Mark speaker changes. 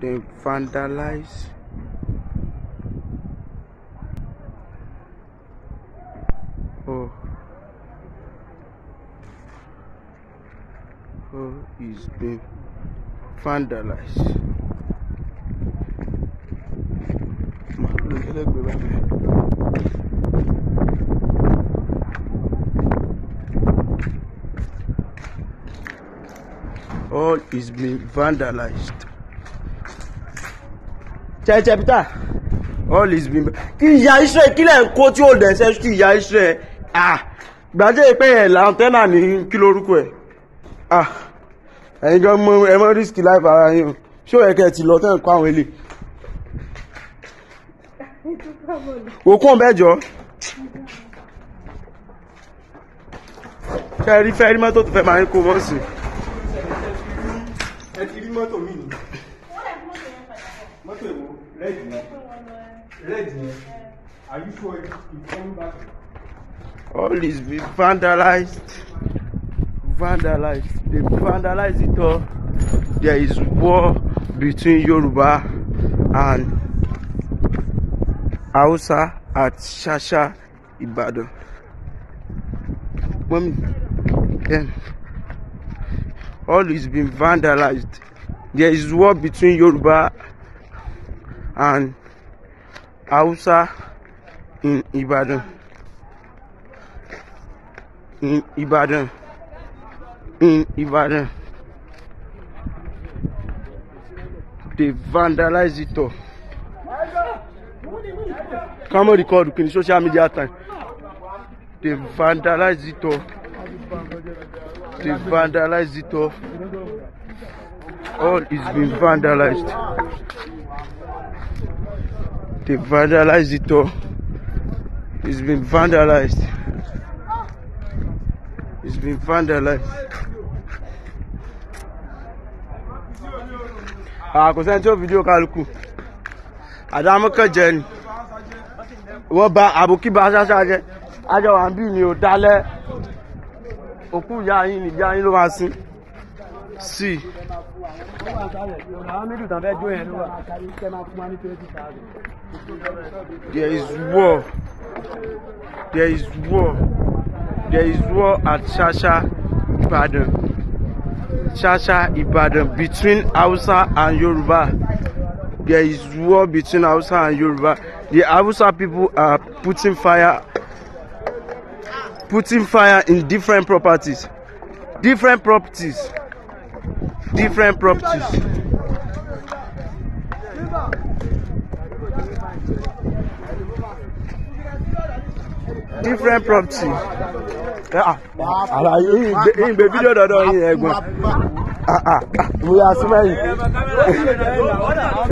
Speaker 1: Been vandalized. oh oh is been vandalized all is being vandalized chapter all is been kí ìyá Israel kí lẹ̀ ń kó tí ó dẹ̀ ṣe kí ìyá Israel ah gbàjẹ́ pé ẹ̀ làǹtẹ́nà ní kí lórúkọ ẹ̀ ah ẹ̀yin gan mọ ẹ mọ risk life ara yín o ṣó yẹ kẹ́ ẹ ti lọ tẹ́ ẹ̀ kó àwọn ilé òkú ọ̀bẹ jọ ṣe rí fẹ́ rí mọ́tò tó fẹ́ máa ń kó mọ́ sí i. ẹ ti rí mọ́tò mi nìyí. Red yẹn. Red yẹn. Are you sure it's coming back? All is be vandalized. Vandalized. They vandalized it all. There is war between Yoruba and Hausa at Shasha Ibado. Mommy, yeah. all is being vandalized. There is war between Yoruba and Hausa in Ibadan. In Ibadan. In Ibadan. They vandalize it all. Come on, record in social media time. They vandalize it all. They vandalize it all. All is being vandalized. They vandalized it all. It's been vandalized. It's been vandalized. Ah, because I fídíò video Àdámọ́ kan jẹ ni. Wọ́n ba àbùkí ba ṣáṣá jẹ. Ajọ wà ń bí ni ò dálẹ́. Òkú ìyá yín ni ìyá yín There is war. There is war. There is war at Shasha Ibadan. Shasha Ibadan between Hausa and Yoruba. There is war between Hausa and Yoruba. The Hausa people are putting fire putting fire in different properties. Different properties different properties. different property. Ah, àlàyé ìgbé fídíò dọ́dọ̀ Ah ah, bóyá sílẹ̀ yìí.